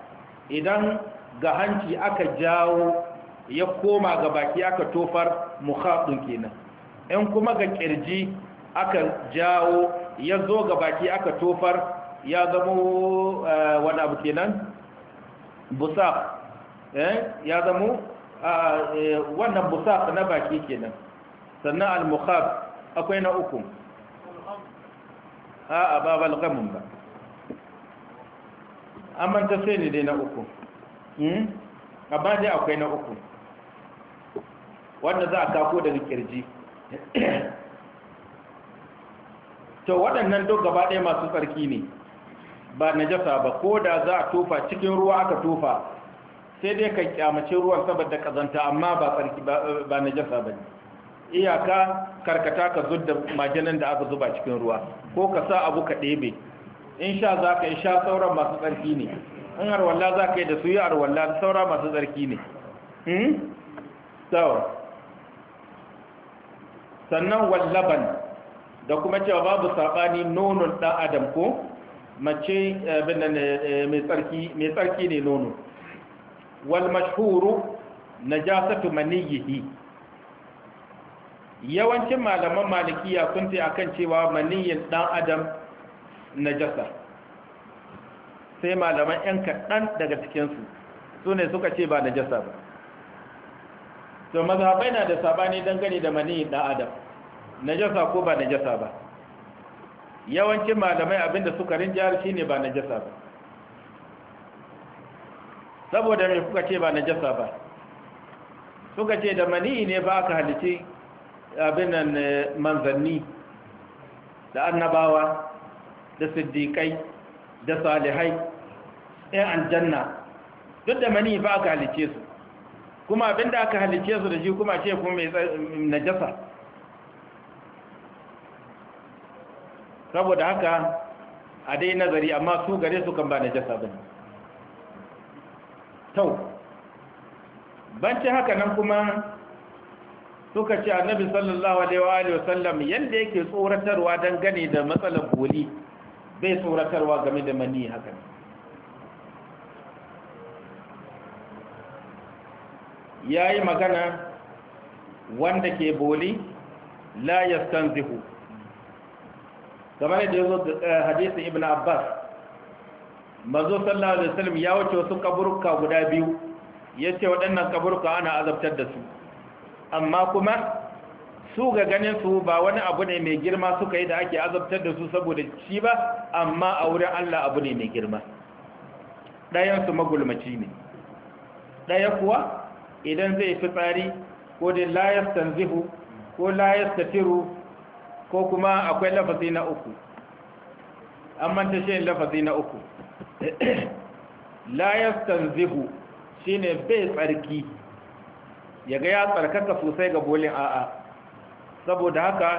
idan ga hanci aka jawo ya koma ga baki aka tofar mukhadun kenan in kuma ga kirji aka jawo ya zo ga baki aka tofar ya zama eh, wani abu kenan busa ya zama ah, wannan busa na baki kenan sannan al-mukhab akwai na uku a babal gamin ba amanta sai ne dai na uku ba hmm? dai akwai na uku wanda za a kako daga kirji to waɗannan duk gaba ɗaya masu tsarki ne ba na jasa ba ko da za a tofa cikin ruwa aka tofa sai dai ka kyamace ruwan saboda kazanta amma ba tsarki ba ba ne iyaka karkata ka da majalin da aka zuba cikin ruwa ko ka sa abu ka ɗebe in sha za ka sha sauran masu tsarki ne in arwalla za ka yi da su yi arwalla saura masu tsarki ne hmm? sannan wallaban da kuma cewa babu saɓani nonon ɗan adam ko mace eh, mai tsarki ne nono wal mashhuru tumanin yi yawancin malaman malikiya sun ce akan cewa maniyin dan adam najasa sai malaman yan kaɗan daga cikinsu su ne suka ce ba najasa ba to mazhabai na da sabani dangane da maniyin dan adam najasa ko ba najasa ba yawancin malamai abinda suka rinjayar shine ba najasa ba saboda me kuka ce ba najasa ba suka ce da mani ne ba aka halice abin nan eh, manzanni da annabawa da siddiƙai da salihai ɗan aljanna duk da mani ba aka halice su kuma abin da aka halice su da shi kuma ce kuma mai najasa saboda haka a dai nazari amma su gare su kan ba najasa ba ne tau bancin haka nan kuma suka ce annabi sallallahu alaihi wa sallam yanda yake tsoratarwa gane da matsalar boli bai tsoratarwa game da mani haka ya yi magana wanda ke boli la yastanzihu kamar da yazo eh, hadisin ibn abbas mazo sallallahu alaihi wasallam ya wuce wasu kaburka guda biyu yace waɗannan kaburka ana azabtar da su amma kuma su ga ganin su ba wani abu ne mai girma suka yi da ake azabtar da su saboda shi ba amma a wurin Allah abu ne mai girma ɗayan su magulmaci ne ɗaya kuwa idan zai fi tsari, ko da layar tanzihu ko layar tafiru ko kuma akwai lafazi na uku an manta shi lafazi na uku layar tanzihu shine bai tsarki ya ga ya tsarkaka sosai ga bolin a'a saboda haka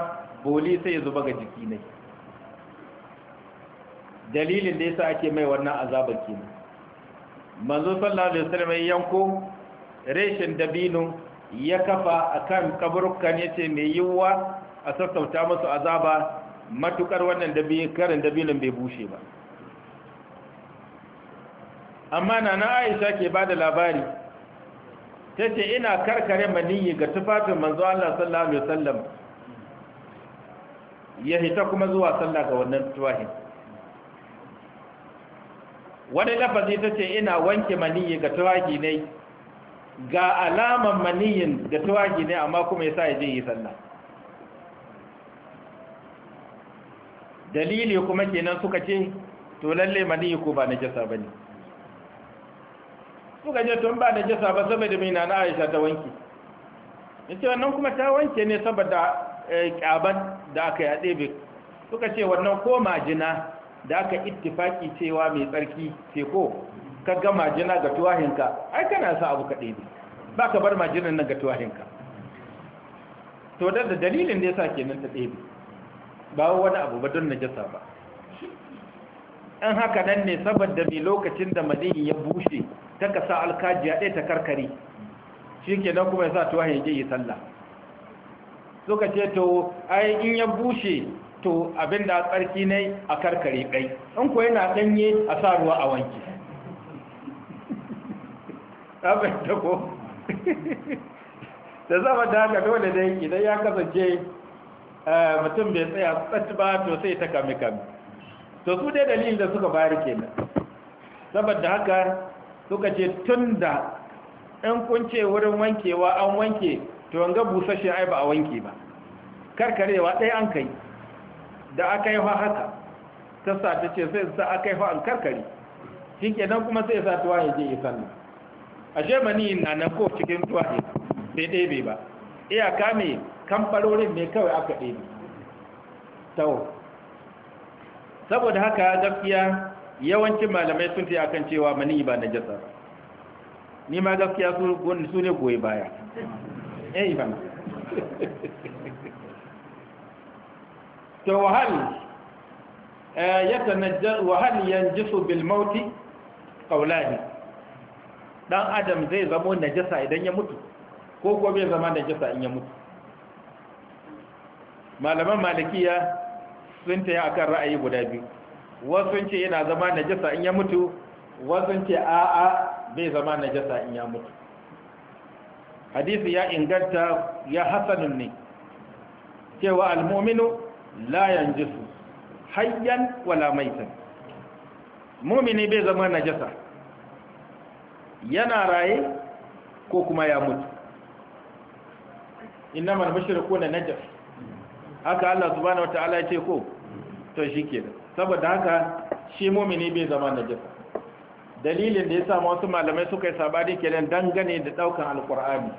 boli sai ya zuba ga jiki ne dalilin da ya yasa ake mai wannan azabar ne manzo sallallahu alaihi wasallam ya yanko reshen dabino ya kafa akan ne, yace mai yiwuwa a sassauta musu azaba matukar wannan dabino karin dabinin bai bushe ba amma nana Aisha ke bada labari ta ce ina karkare maniyi ga tufafin manzo Allah sallallahu alaihi wasallam ya hita kuma zuwa sallah ga wannan tufafin wani lafazi ta ce ina wanke maniyi ga tufafi ne ga alaman maniyin ga tufafi ne amma kuma ya sa ya je yi sallah dalili kuma kenan suka ce to lalle maniyi ko ba na jasa bane suka je tun ba da jasa ba saboda mai nana aisha ta wanki yace wannan kuma ta wanke ne saboda eh, kyaban da aka yi a ɗebe suka ce wannan ko majina da aka ittifaki cewa mai tsarki ce ko ka ga majina ga tuwahinka ai kana sa abu ka ne ba ka bar majinan nan ga tuwahinka to da dalilin da yasa kenan ta ɗebe ba wani abu ba don najasa ba ɗan haka nan ne saboda mai lokacin da madini ya bushe ta kasa alkajiya ɗaya ta karkare shi ke nan kuma ya sa tuwa ya je yi sallah suka ce to ai in ya bushe to abin da tsarki ne a karkare kai in ko yana ɗanye a sa ruwa a wanki da ko da zama da haka dole dai idan ya kasance eh, mutum bai tsaya tsat ba to sai ta kame kame to su dai dalilin da suka bayar kenan saboda haka suka ce tun da in kun ce wurin wankewa an wanke to an ga busashe ai ba a wanke ba karkarewa ɗaya an kai da aka yi haka ta sa ta ce sai sa aka yi an karkare shi kenan kuma sai sa tuwa ya je ya sannan ashe mani na nan ko cikin tuwa ne sai ɗebe ba iyaka mai kamfarorin ne kawai aka ɗebe tau saboda haka gaskiya yawancin malamai sun fi akan cewa mani ba na jasa ba, ni ma gaskiya su ne goyi baya eh ba to wahal eh, yatanajjar wahal yanjisu bil mauti qawlani dan adam zai zamo jasa idan ya mutu ko gobe zama na jasa in ya mutu malaman malikiya sun ta a kan ra'ayi guda biyu wasu ce yana zama na jasa in ya mutu wasu ce a'a bai zama na jasa in ya mutu hadisi ya inganta ya hasanun ne cewa almominu layan jisu hayyan wala maitan mumini bai zama na jasa yana raye ko kuma ya mutu innamal na najas haka Allah subhanahu wataala ya ce ko to shi kenan saboda haka shi mumini bai zama najasa dalilin da ya sa wasu malamai suka yi sabani kenan dangane da daukan alkur'ani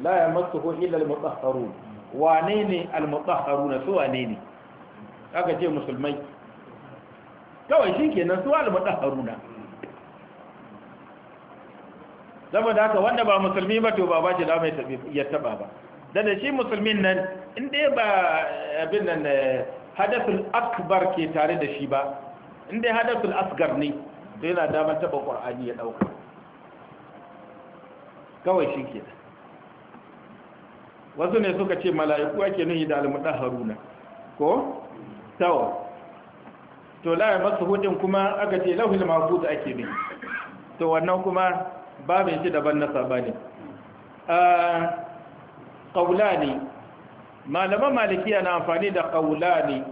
la ko illa almutahharun wane ne na su wane ne aka ce musulmai kawai shi kenan su na saboda haka wanda ba musulmi ba to ba ba shi da ya taba ba da da shi musulmin nan inda ba abin nan eh, hadathul akbar ke tare da shi ba inda ya hadathul asgar ne da yana damar taba qur'ani ya dauka kawai shi ke wasu ne suka ce mala'iku ake nuhi da Haruna. ko tawo to la masu hudin kuma aka ce lauhil mahfuz ake bi. to wannan kuma babu shi daban na sabani a ah, qaulani malaman malikiya na amfani da ƙaulani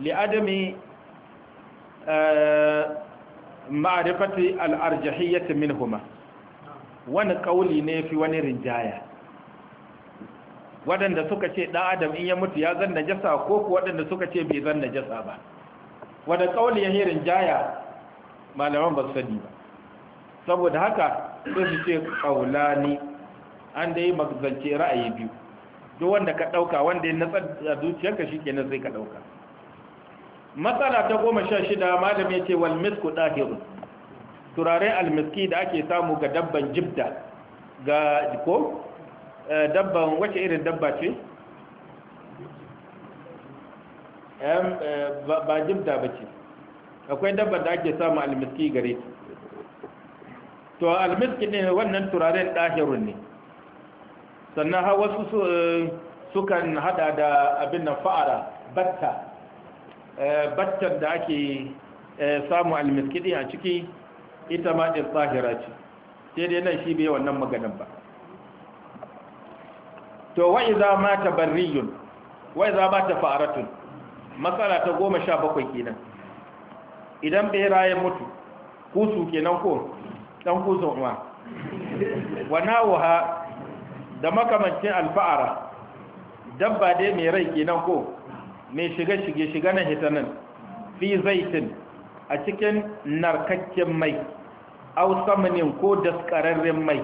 li'adami eh, ma'arifati min huma, wani ƙauli ne fi wani rinjaya waɗanda suka ce ɗan adam in ya mutu ya zan najasa ko ku waɗanda suka ce bai zan najasa ba wadda ƙauli ya rinjaya malaman ba su sani ba saboda haka sun ce ce ƙaulani an da yi magzance ra'ayi biyu duk wanda ka ɗauka wanda ya natsar da zuciyarka shi kenan sai ka ɗauka matsala ta goma sha shida malam ya ce wal misku ɗahiru turaren almiski da ake samu ga dabban jibda ga ko eh, dabban wacce irin dabba ce eh, ba jibda ba ce akwai dabban da ake samu almiski gare to almiski ne wannan turaren ɗahirun ne sannan har wasu eh, sukan hada da abin nan fa'ara batta eh, battar da ake eh, samu almiskidi a ciki ita ma ɗin tsahira ce sai dai nan shi bai wannan maganin ba to wa'i za ma ta barriyun wa'i za ma ta fa'aratun matsala ta goma sha bakwai kenan idan bera ya mutu kusu kenan ko ɗan kusun wa wa nawo ha da makamancin alfa'ara dabba dai mai rai kenan ko mai shiga shige shiga na hitanin fi zaitin a cikin narkakken mai au samanin ko daskararren mai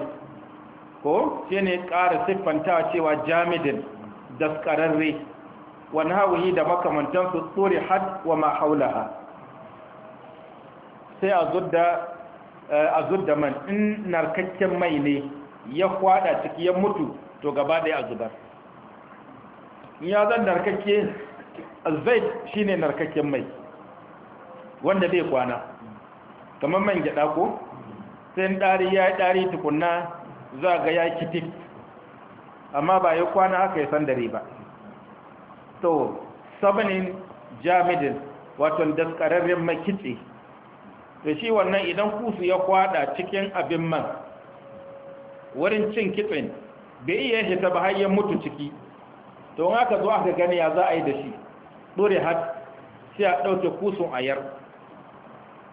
ko shi ne ƙara siffanta cewa jamidin daskararre wani hauhi da makamantansu tsori had wa ma sai eh, a zudda man in narkakken mai ne ya kwada ciki ya mutu to gaba daya a zubar ya zan narkakke azait shine narkakken mai wanda bai kwana kamar man gyada ko sai dari ya dari tukunna za ga ya kitik amma ba ya kwana haka ya san dare ba to sabanin jamidin wato daskararren mai kitse da shi wannan idan kusu ya kwada cikin abin man wurin cin kitsin bai iya ba ta ya mutu ciki to aka zo aka gani ya za a yi da shi ɗore har sai a ɗauke kusun ayar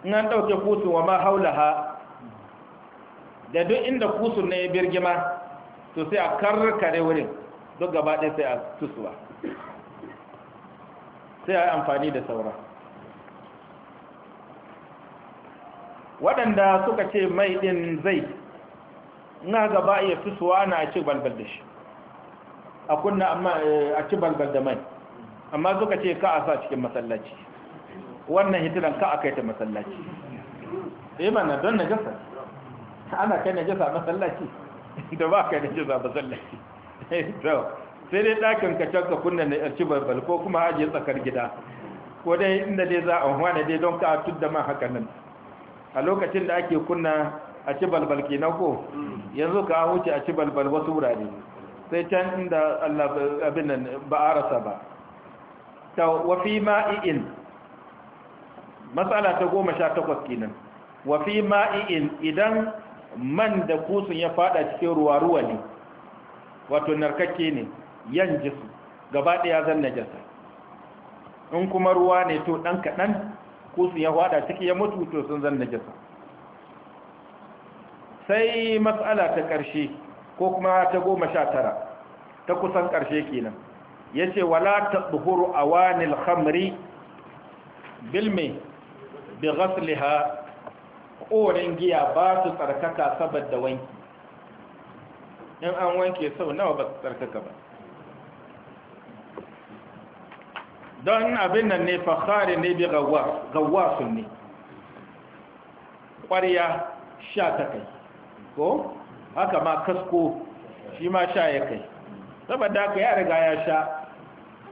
in an ɗauke kusun wa ma haulaha da duk inda kusun na ya birgima to sai a karkare wurin duk gaba ɗaya sai a tusuwa sai a yi amfani da saura waɗanda suka ce mai ɗin zai ina ga ba iya fisuwa na a ci balbal da shi a kunna amma eh, a ci balbal da mai amma suka ce ka a sa cikin masallaci wannan hitilan ka a kai ta masallaci eh mana don najasa ana kai najasa masallaci da ba kai najasa masallaci eh, sai dai ɗakin ka can ka kunna na ci balbal ko kuma hajiyar tsakar gida ko dai inda dai za a wane dai don ka tudda ma haka nan a lokacin da ake kunna a ci balbal ke ko yanzu ka wuce a ci balbal wasu wurare sai can inda Allah abin nan ba a rasa ba ta wafi ma'i'in matsala ta goma sha takwas kenan wafi ma'i'in idan man da kusun ya fada cikin ruwa-ruwa ne wato narkakke ne yan jisu gaba ɗaya zan najasa in kuma ruwa ne to ɗan kaɗan kusun ya fada ciki ya mutu to sun zan najasa sai matsala ta ƙarshe ko kuma ta goma sha tara ta kusan ƙarshe kenan ya ce wala ta tsuhuru a wanil hamri bilme da gasliha ƙorin giya ba su tsarkaka saboda wanki in an wanke sau nawa ba su tsarkaka ba don abin nan ne fahari ne bi gawasun ne ƙwariya sha ta kai ko haka ma kasko shi ma sha ya kai saboda haka ya riga ya sha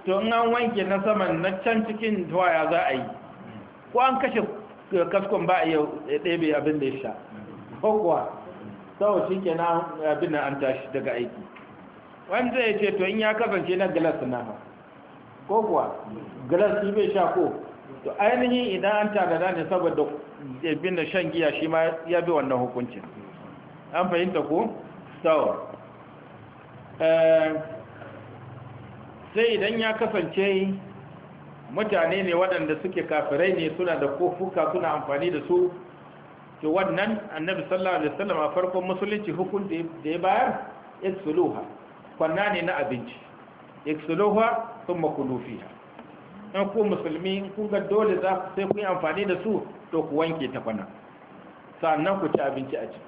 to in an wanke na saman na can cikin tuwaya za a yi ko an kashe kaskon ba a yi ɗebe abin da ya sha ko kuwa sau shi ke na abin da an tashi daga aiki wanda ya ce to in ya kasance na galas na ba ko kuwa galas shi bai sha ko to ainihin idan an tagada ne saboda abin da shan giya shi ma ya bi wannan hukuncin an fahimta ko sawa eh, sai idan ya kasance mutane ne waɗanda suke kafirai ne suna da kofuka suna amfani da su to wannan annabi sallallahu alaihi wasallam a farkon musulunci hukun da ya bayar iksuluha kwanna ne na abinci iksuluha sun makulufi ɗan ku musulmi kuka kun ga dole za sai ku yi amfani da su to ku wanke ta kwana sannan ku ci abinci a ciki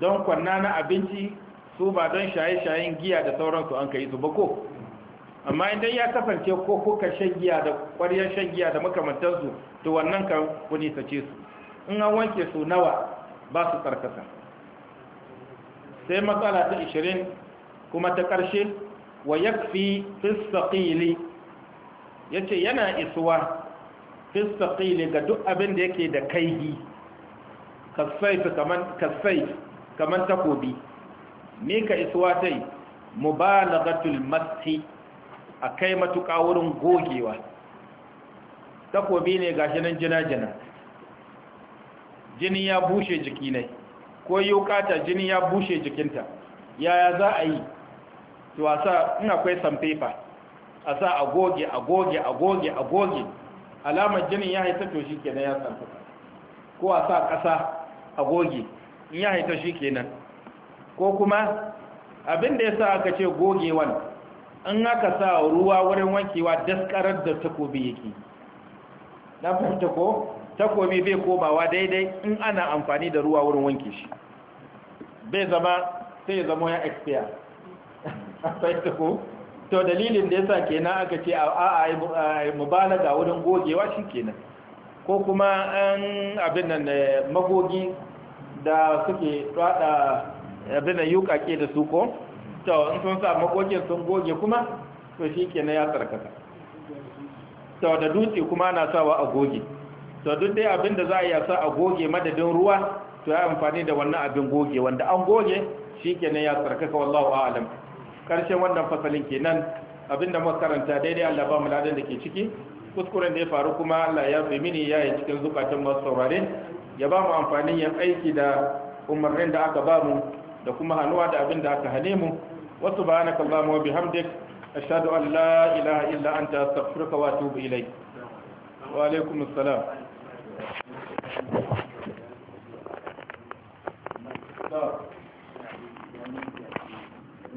don kwanna na abinci su ba don shaye-shayen giya da sauransu an ka yi su ba ko amma idan ya kasance ko kuka shan giya da ƙwaryar shan giya da makamantarsu to wannan kan ku su in an wanke su nawa ba su tsarkasa sai matsala ta ishirin, kuma ta ƙarshe wa fi fistaƙili ya ce yana isuwa fistaƙili ga duk abin da yake da kaihi kasai kamar takobi mika tai mubalaghatul masti akai matuƙa wurin gogewa takobi ne gashi nan jina-jina jini ya bushe jiki ne ko yi wukata jini ya bushe jikinta yaya za a yi to a sa in akwai sanfefa a sa a goge a goge a goge a goge alamar jinin ya haita to shi ke ya sanfefa ko a sa ƙasa a goge in ya haita shi kenan ko kuma abin da ya sa aka ce gogewan in aka sa ruwa wurin wankewa daskarar da takobi yake na fahimta ko takobi bai komawa daidai in ana amfani da ruwa wurin wanke shi bai zama sai ya zama ya expire a fahimta ko to dalilin da ya sa kenan aka ce a mubalaga wurin gogewa shi kenan ko kuma an um, abin nan eh, magogi da suke tsada abin da yukake da su ko to in sun sa makokin sun goge kuma to shi ya tsarkaka to da dutse kuma na sawa a goge to duk dai abin da za a yi sa a goge madadin ruwa to ya amfani da wannan abin goge wanda an goge shi ya tsarkaka wallahu a'lam karshen wannan fasalin kenan abinda muka karanta daidai Allah ba mu ladan da ke ciki kuskuren da ya faru kuma Allah ya fi mini ya yi cikin zukatan masu saurare ya ba mu amfanin yin aiki da umarnin da aka ba mu da kuma hannuwa da abin da aka hane mu wasu ba na kallama wa bihamdik ashadu an la ilaha illa ta safirka wa tubu ilai wa alaikumus salam